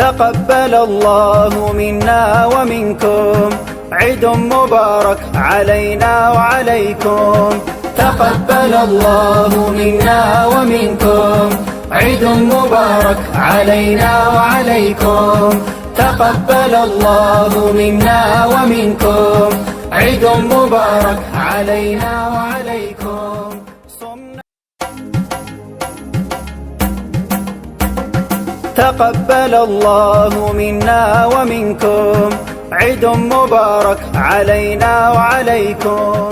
تقبل الله منا ومنكم عيد مبارك علينا وعليكم تقبل الله منا ومنكم عيد مبارك علينا وعليكم تقبل الله منا ومنكم عيد مبارك علينا وعليكم تقبل الله منا ومنكم عيد مبارك علينا وعليكم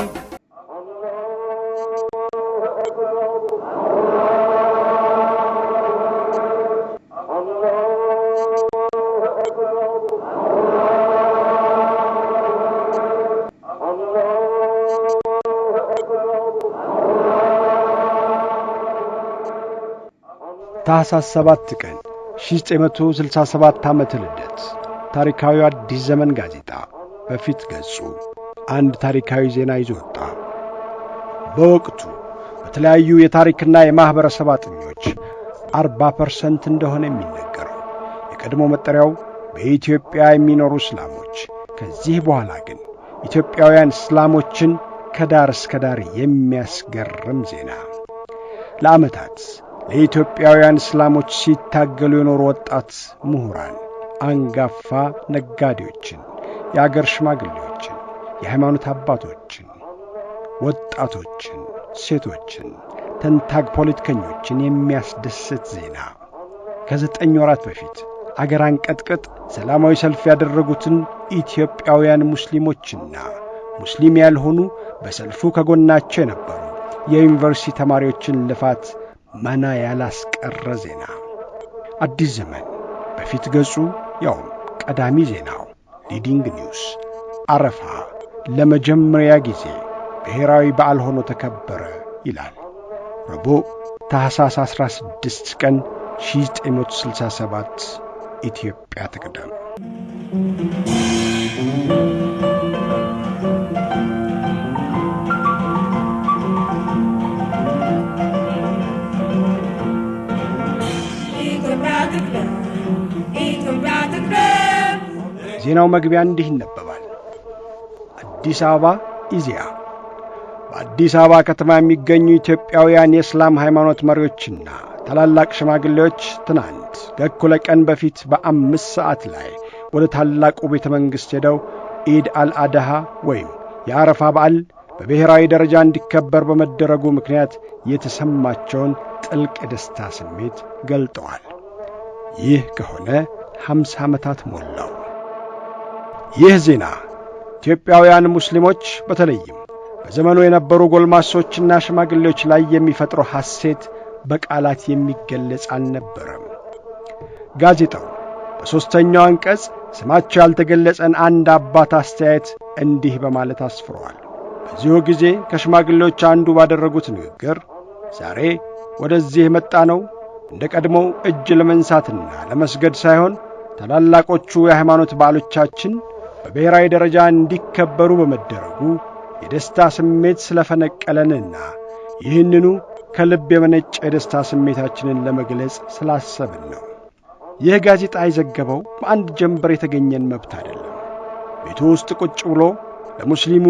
ታኅሳስ ሰባት ቀን 1967 ዓመተ ልደት ታሪካዊ አዲስ ዘመን ጋዜጣ በፊት ገጹ አንድ ታሪካዊ ዜና ይዞ ወጣ። በወቅቱ በተለያዩ የታሪክና የማኅበረሰብ አጥኞች 40 ፐርሰንት እንደሆነ የሚነገረው የቀድሞ መጠሪያው በኢትዮጵያ የሚኖሩ እስላሞች ከዚህ በኋላ ግን ኢትዮጵያውያን እስላሞችን ከዳር እስከ ዳር የሚያስገርም ዜና ለዓመታት ለኢትዮጵያውያን እስላሞች ሲታገሉ የኖሩ ወጣት ምሁራን፣ አንጋፋ ነጋዴዎችን፣ የአገር ሽማግሌዎችን፣ የሃይማኖት አባቶችን፣ ወጣቶችን፣ ሴቶችን፣ ተንታግ ፖለቲከኞችን የሚያስደስት ዜና ከዘጠኝ ወራት በፊት አገር አንቀጥቅጥ ሰላማዊ ሰልፍ ያደረጉትን ኢትዮጵያውያን ሙስሊሞችና ሙስሊም ያልሆኑ በሰልፉ ከጎናቸው የነበሩ የዩኒቨርሲቲ ተማሪዎችን ልፋት መና ያላስቀረ ዜና አዲስ ዘመን በፊት ገጹ ያውም ቀዳሚ ዜናው ሊዲንግ ኒውስ አረፋ ለመጀመሪያ ጊዜ ብሔራዊ በዓል ሆኖ ተከበረ ይላል። ረቡዕ ታኅሳስ 16 ቀን 1967 ኢትዮጵያ ትቅደም። የዜናው መግቢያ እንዲህ ይነበባል። አዲስ አበባ ኢዜአ በአዲስ አበባ ከተማ የሚገኙ ኢትዮጵያውያን የእስላም ሃይማኖት መሪዎችና ታላላቅ ሽማግሌዎች ትናንት ከእኩለ ቀን በፊት በአምስት ሰዓት ላይ ወደ ታላቁ ቤተ መንግሥት ሄደው ኢድ አልአድሃ ወይም የአረፋ በዓል በብሔራዊ ደረጃ እንዲከበር በመደረጉ ምክንያት የተሰማቸውን ጥልቅ የደስታ ስሜት ገልጠዋል። ይህ ከሆነ ሐምሳ ዓመታት ሞላው። ይህ ዜና ኢትዮጵያውያን ሙስሊሞች በተለይም በዘመኑ የነበሩ ጎልማሶችና ሽማግሌዎች ላይ የሚፈጥረው ሐሴት በቃላት የሚገለጽ አልነበረም። ጋዜጣው በሦስተኛው አንቀጽ ስማቸው ያልተገለጸን አንድ አባት አስተያየት እንዲህ በማለት አስፍረዋል። በዚሁ ጊዜ ከሽማግሌዎች አንዱ ባደረጉት ንግግር ዛሬ ወደዚህ የመጣ ነው እንደ ቀድሞው እጅ ለመንሳትና ለመስገድ ሳይሆን ታላላቆቹ የሃይማኖት በዓሎቻችን በብሔራዊ ደረጃ እንዲከበሩ በመደረጉ የደስታ ስሜት ስለፈነቀለንና ይህንኑ ከልብ የመነጨ የደስታ ስሜታችንን ለመግለጽ ስላሰብን ነው። ይህ ጋዜጣ የዘገበው በአንድ ጀንበር የተገኘን መብት አይደለም። ቤቱ ውስጥ ቁጭ ብሎ ለሙስሊሙ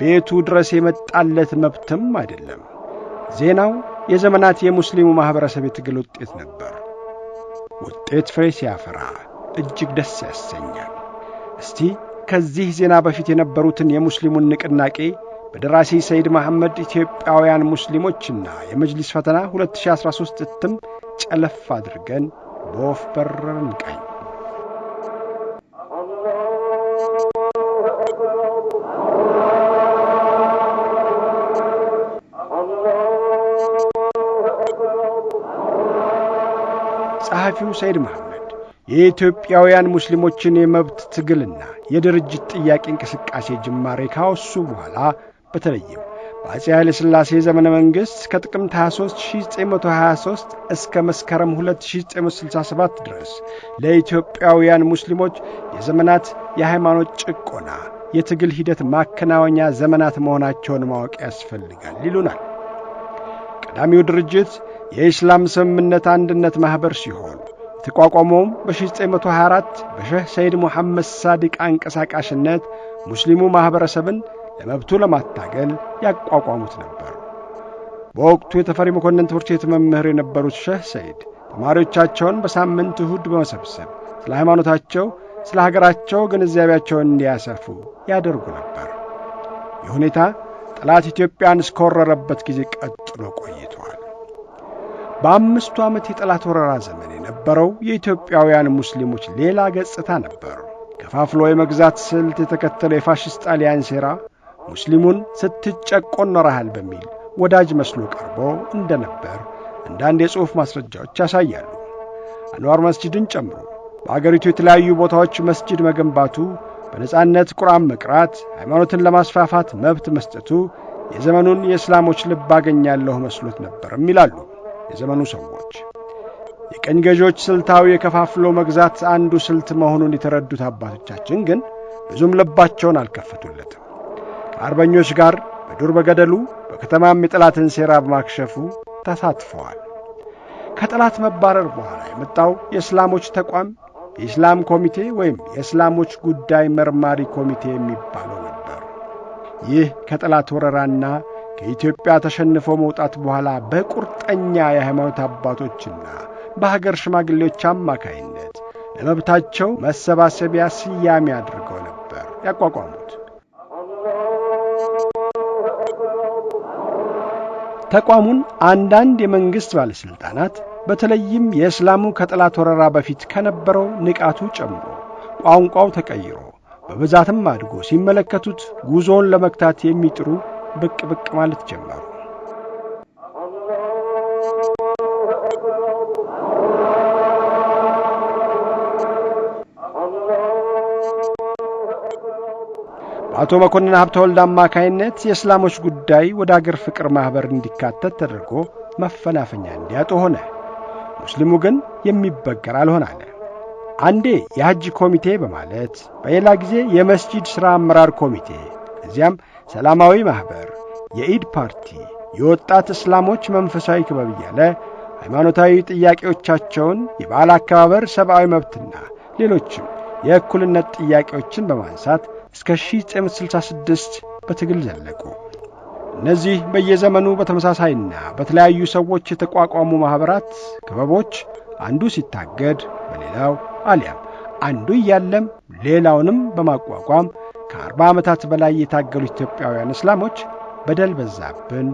ቤቱ ድረስ የመጣለት መብትም አይደለም። ዜናው የዘመናት የሙስሊሙ ማኅበረሰብ የትግል ውጤት ነበር። ውጤት ፍሬ ሲያፈራ እጅግ ደስ ያሰኛል። እስቲ ከዚህ ዜና በፊት የነበሩትን የሙስሊሙን ንቅናቄ በደራሲ ሰይድ መሐመድ ኢትዮጵያውያን ሙስሊሞችና የመጅሊስ ፈተና 2013 እትም ጨለፍ አድርገን በወፍ በረር እንቃኝ። ጸሐፊው ሰይድ መሐመድ የኢትዮጵያውያን ሙስሊሞችን የመብት ትግልና የድርጅት ጥያቄ እንቅስቃሴ ጅማሬ ካወሱ በኋላ በተለይም በአፄ ኃይለ ሥላሴ ዘመነ መንግሥት ከጥቅምት 23 1923 እስከ መስከረም 2967 ድረስ ለኢትዮጵያውያን ሙስሊሞች የዘመናት የሃይማኖት ጭቆና የትግል ሂደት ማከናወኛ ዘመናት መሆናቸውን ማወቅ ያስፈልጋል ይሉናል። ቀዳሚው ድርጅት የኢስላም ስምምነት አንድነት ማኅበር ሲሆን ተቋቋሞም በ1924 በሼህ ሰይድ ሙሐመድ ሳዲቅ አንቀሳቃሽነት ሙስሊሙ ማኅበረሰብን ለመብቱ ለማታገል ያቋቋሙት ነበር። በወቅቱ የተፈሪ መኮንን ትምህርት ቤት መምህር የነበሩት ሼህ ሰይድ ተማሪዎቻቸውን በሳምንት እሁድ በመሰብሰብ ስለ ሃይማኖታቸው፣ ስለ ሀገራቸው ግንዛቤያቸውን እንዲያሰፉ ያደርጉ ነበር። ይህ ሁኔታ ጠላት ኢትዮጵያን እስከወረረበት ጊዜ ቀጥሎ ቆይቷል። በአምስቱ ዓመት የጠላት ወረራ ዘመን የነበረው የኢትዮጵያውያን ሙስሊሞች ሌላ ገጽታ ነበር። ከፋፍሎ የመግዛት ስልት የተከተለው የፋሽስት ጣሊያን ሴራ ሙስሊሙን ስትጨቆን ኖረሃል በሚል ወዳጅ መስሎ ቀርቦ እንደነበር አንዳንድ የጽሑፍ ማስረጃዎች ያሳያሉ። አንዋር መስጂድን ጨምሮ በአገሪቱ የተለያዩ ቦታዎች መስጂድ መገንባቱ፣ በነጻነት ቁርአን መቅራት፣ ሃይማኖትን ለማስፋፋት መብት መስጠቱ የዘመኑን የእስላሞች ልብ አገኛለሁ መስሎት ነበርም ይላሉ የዘመኑ ሰዎች። የቀኝ ገዢዎች ስልታዊ የከፋፍሎ መግዛት አንዱ ስልት መሆኑን የተረዱት አባቶቻችን ግን ብዙም ልባቸውን አልከፈቱለትም። ከአርበኞች ጋር በዱር በገደሉ በከተማም የጠላትን ሴራ በማክሸፉ ተሳትፈዋል። ከጠላት መባረር በኋላ የመጣው የእስላሞች ተቋም የእስላም ኮሚቴ ወይም የእስላሞች ጉዳይ መርማሪ ኮሚቴ የሚባለው ነበር። ይህ ከጠላት ወረራና ከኢትዮጵያ ተሸንፎ መውጣት በኋላ በቁርጠኛ የሃይማኖት አባቶችና በሀገር ሽማግሌዎች አማካይነት ለመብታቸው መሰባሰቢያ ስያሜ አድርገው ነበር ያቋቋሙት። ተቋሙን አንዳንድ የመንግሥት ባለሥልጣናት በተለይም የእስላሙ ከጠላት ወረራ በፊት ከነበረው ንቃቱ ጨምሮ ቋንቋው ተቀይሮ በብዛትም አድጎ ሲመለከቱት ጉዞውን ለመግታት የሚጥሩ ብቅ ብቅ ማለት ጀመሩ። በአቶ መኮንን ወልድ አማካይነት የእስላሞች ጉዳይ ወደ አገር ፍቅር ማኅበር እንዲካተት ተደርጎ መፈናፈኛ እንዲያጡ ሆነ። ሙስሊሙ ግን የሚበገር አልሆን አለ። አንዴ የሐጅ ኮሚቴ በማለት በሌላ ጊዜ የመስጂድ ሥራ አመራር ኮሚቴ፣ እዚያም ሰላማዊ ማኅበር፣ የኢድ ፓርቲ፣ የወጣት እስላሞች መንፈሳዊ ክበብ እያለ ሃይማኖታዊ ጥያቄዎቻቸውን የበዓል አከባበር፣ ሰብአዊ መብትና ሌሎችም የእኩልነት ጥያቄዎችን በማንሳት እስከ 1966 በትግል ዘለቁ። እነዚህ በየዘመኑ በተመሳሳይና በተለያዩ ሰዎች የተቋቋሙ ማኅበራት ክበቦች አንዱ ሲታገድ በሌላው አሊያም አንዱ እያለም ሌላውንም በማቋቋም ከአርባ ዓመታት በላይ የታገሉ ኢትዮጵያውያን እስላሞች በደል በዛብን፣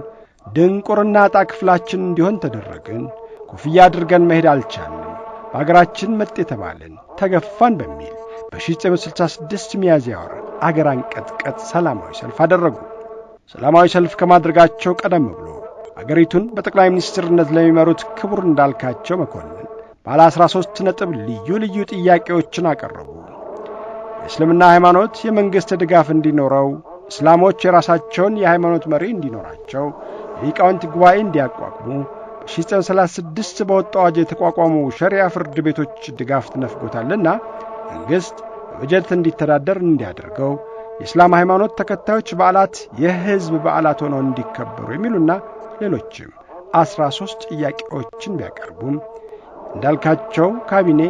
ድንቁርና ዕጣ ክፍላችን እንዲሆን ተደረግን፣ ኮፍያ አድርገን መሄድ አልቻልንም፣ በአገራችን መጤ ተባልን፣ ተገፋን በሚል በ1966 ሚያዝያ ወር አገር አንቀጥቀጥ ሰላማዊ ሰልፍ አደረጉ። ሰላማዊ ሰልፍ ከማድረጋቸው ቀደም ብሎ አገሪቱን በጠቅላይ ሚኒስትርነት ለሚመሩት ክቡር እንዳልካቸው መኮንን ባለ 13 ነጥብ ልዩ ልዩ ጥያቄዎችን አቀረቡ። የእስልምና ሃይማኖት የመንግሥት ድጋፍ እንዲኖረው፣ እስላሞች የራሳቸውን የሃይማኖት መሪ እንዲኖራቸው፣ የሊቃውንት ጉባኤ እንዲያቋቁሙ፣ በ1936 በወጣ አዋጅ የተቋቋሙ ሸሪያ ፍርድ ቤቶች ድጋፍ ትነፍጎታልና መንግሥት በጀት እንዲተዳደር እንዲያደርገው የእስላም ሃይማኖት ተከታዮች በዓላት የሕዝብ በዓላት ሆነው እንዲከበሩ የሚሉና ሌሎችም ዐሥራ ሦስት ጥያቄዎችን ቢያቀርቡም እንዳልካቸው ካቢኔ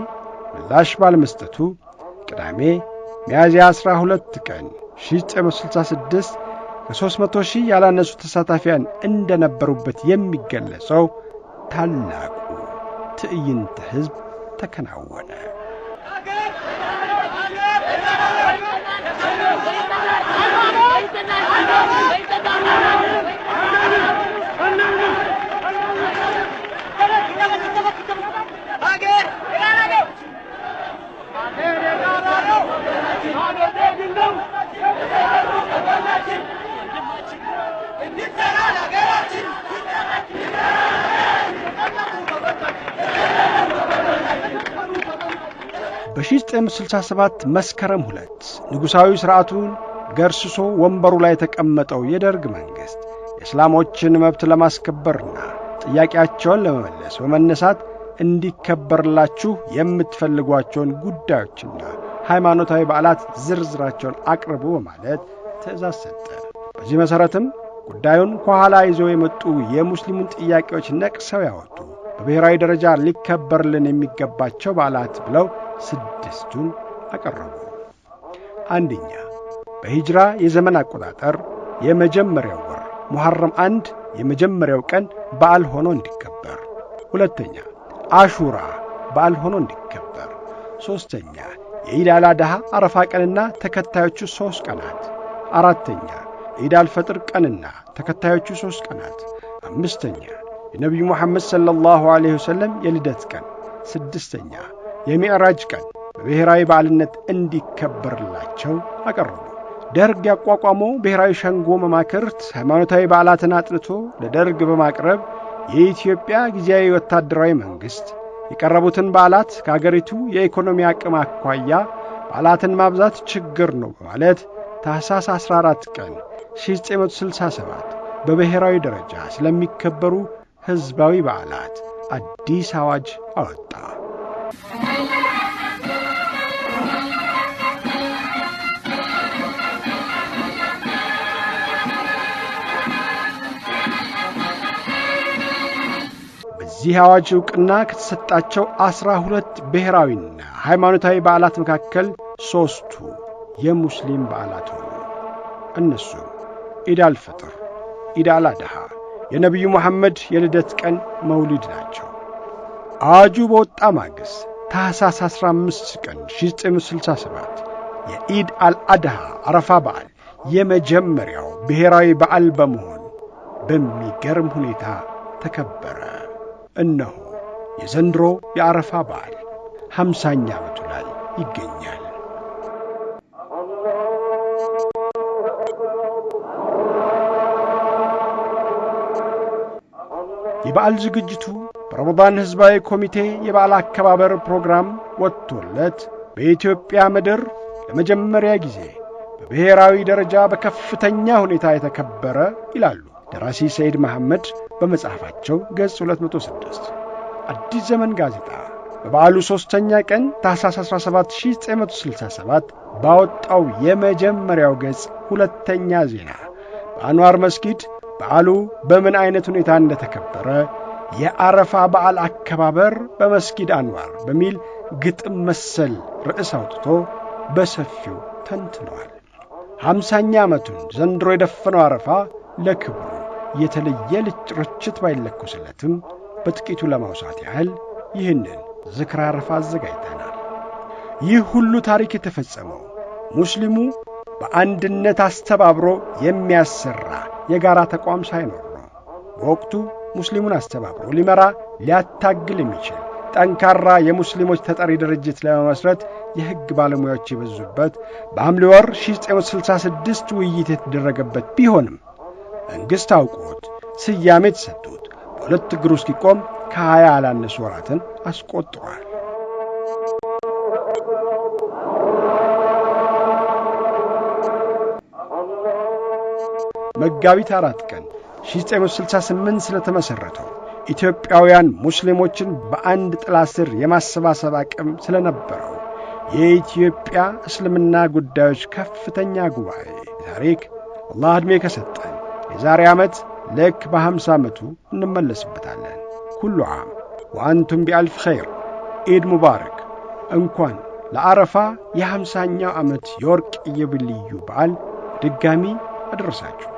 ምላሽ ባለመስጠቱ ቅዳሜ ሚያዝያ ሁለት ቀን 966 ከ300 ሺህ ያላነሱ ተሳታፊያን እንደነበሩበት የሚገለጸው ታላቁ ትዕይንተ ሕዝብ ተከናወነ። በ1967 መስከረም ሁለት ንጉሣዊ ሥርዓቱን ገርስሶ ወንበሩ ላይ የተቀመጠው የደርግ መንግሥት የእስላሞችን መብት ለማስከበርና ጥያቄያቸውን ለመመለስ በመነሳት እንዲከበርላችሁ የምትፈልጓቸውን ጉዳዮችና ሃይማኖታዊ በዓላት ዝርዝራቸውን አቅርቡ በማለት ትእዛዝ ሰጠ። በዚህ መሠረትም ጉዳዩን ከኋላ ይዘው የመጡ የሙስሊሙን ጥያቄዎች ነቅሰው ያወጡ በብሔራዊ ደረጃ ሊከበርልን የሚገባቸው በዓላት ብለው ስድስቱን አቀረቡ። አንደኛ በሂጅራ የዘመን አቆጣጠር የመጀመሪያው ወር ሙሐረም አንድ የመጀመሪያው ቀን በዓል ሆኖ እንዲከበር። ሁለተኛ አሹራ በዓል ሆኖ እንዲከበር። ሦስተኛ የኢዳላ አድሃ አረፋ ቀንና ተከታዮቹ ሦስት ቀናት። አራተኛ የኢዳል ፈጥር ቀንና ተከታዮቹ ሦስት ቀናት። አምስተኛ የነቢዩ ሙሐመድ ሰለላሁ ዐለይሂ ወሰለም የልደት ቀን። ስድስተኛ የሚዕራጅ ቀን በብሔራዊ በዓልነት እንዲከበርላቸው አቀረቡ። ደርግ ያቋቋመው ብሔራዊ ሸንጎ መማክርት ሃይማኖታዊ በዓላትን አጥንቶ ለደርግ በማቅረብ የኢትዮጵያ ጊዜያዊ ወታደራዊ መንግሥት የቀረቡትን በዓላት ከአገሪቱ የኢኮኖሚ አቅም አኳያ በዓላትን ማብዛት ችግር ነው በማለት ታኅሳስ 14 ቀን 1967 በብሔራዊ ደረጃ ስለሚከበሩ ሕዝባዊ በዓላት አዲስ አዋጅ አወጣ። በዚህ አዋጅ እውቅና ከተሰጣቸው አስራ ሁለት ብሔራዊና ሃይማኖታዊ በዓላት መካከል ሦስቱ የሙስሊም በዓላት ሆኑ። እነሱ ኢድ አልፈጥር፣ ኢድ አድሃ፣ የነቢዩ መሐመድ የልደት ቀን መውሊድ ናቸው። አዋጁ በወጣ ማግስት ታሳስ 15 ቀን 967 የኢድ አልአድሃ አረፋ በዓል የመጀመሪያው ብሔራዊ በዓል በመሆን በሚገርም ሁኔታ ተከበረ። እነሆ የዘንድሮ የአረፋ በዓል ሃምሳኛ ዓመቱ ላይ ይገኛል። የበዓል ዝግጅቱ በረመዳን ሕዝባዊ ኮሚቴ የበዓል አከባበር ፕሮግራም ወጥቶለት በኢትዮጵያ ምድር ለመጀመሪያ ጊዜ በብሔራዊ ደረጃ በከፍተኛ ሁኔታ የተከበረ ይላሉ ደራሲ ሰይድ መሐመድ በመጽሐፋቸው ገጽ 206 አዲስ ዘመን ጋዜጣ በበዓሉ ሦስተኛ ቀን ታኅሳስ 17967 ባወጣው የመጀመሪያው ገጽ ሁለተኛ ዜና በአንዋር መስጊድ በዓሉ በምን ዐይነት ሁኔታ እንደተከበረ የአረፋ በዓል አከባበር በመስጊድ አንዋር በሚል ግጥም መሰል ርዕስ አውጥቶ በሰፊው ተንትነዋል። ሀምሳኛ ዓመቱን ዘንድሮ የደፈነው አረፋ ለክብሩ የተለየ ርችት ባይለኮስለትም በጥቂቱ ለማውሳት ያህል ይህንን ዝክረ አረፋ አዘጋጅተናል። ይህ ሁሉ ታሪክ የተፈጸመው ሙስሊሙ በአንድነት አስተባብሮ የሚያሰራ የጋራ ተቋም ሳይኖር ነው። በወቅቱ ሙስሊሙን አስተባብሮ ሊመራ ሊያታግል የሚችል ጠንካራ የሙስሊሞች ተጠሪ ድርጅት ለመመስረት የሕግ ባለሙያዎች የበዙበት በሐምሌ ወር 1966 ውይይት የተደረገበት ቢሆንም መንግሥት አውቆት ስያሜ የተሰጡት በሁለት እግሩ እስኪቆም ከ20 ያላነሱ ወራትን አስቆጥሯል። መጋቢት አራት 1968 ስለተመሠረተው ኢትዮጵያውያን ሙስሊሞችን በአንድ ጥላ ስር የማሰባሰብ አቅም ስለነበረው የኢትዮጵያ እስልምና ጉዳዮች ከፍተኛ ጉባኤ ታሪክ አላህ ዕድሜ ከሰጠን የዛሬ ዓመት ልክ በሐምሳ ዓመቱ እንመለስበታለን። ኩሉ ዓም ወአንቱም ቢአልፍ ኸይር። ኢድ ሙባረክ። እንኳን ለአረፋ የሐምሳኛው ዓመት የወርቅ ኢዮቤልዩ በዓል ድጋሚ አደረሳችሁ።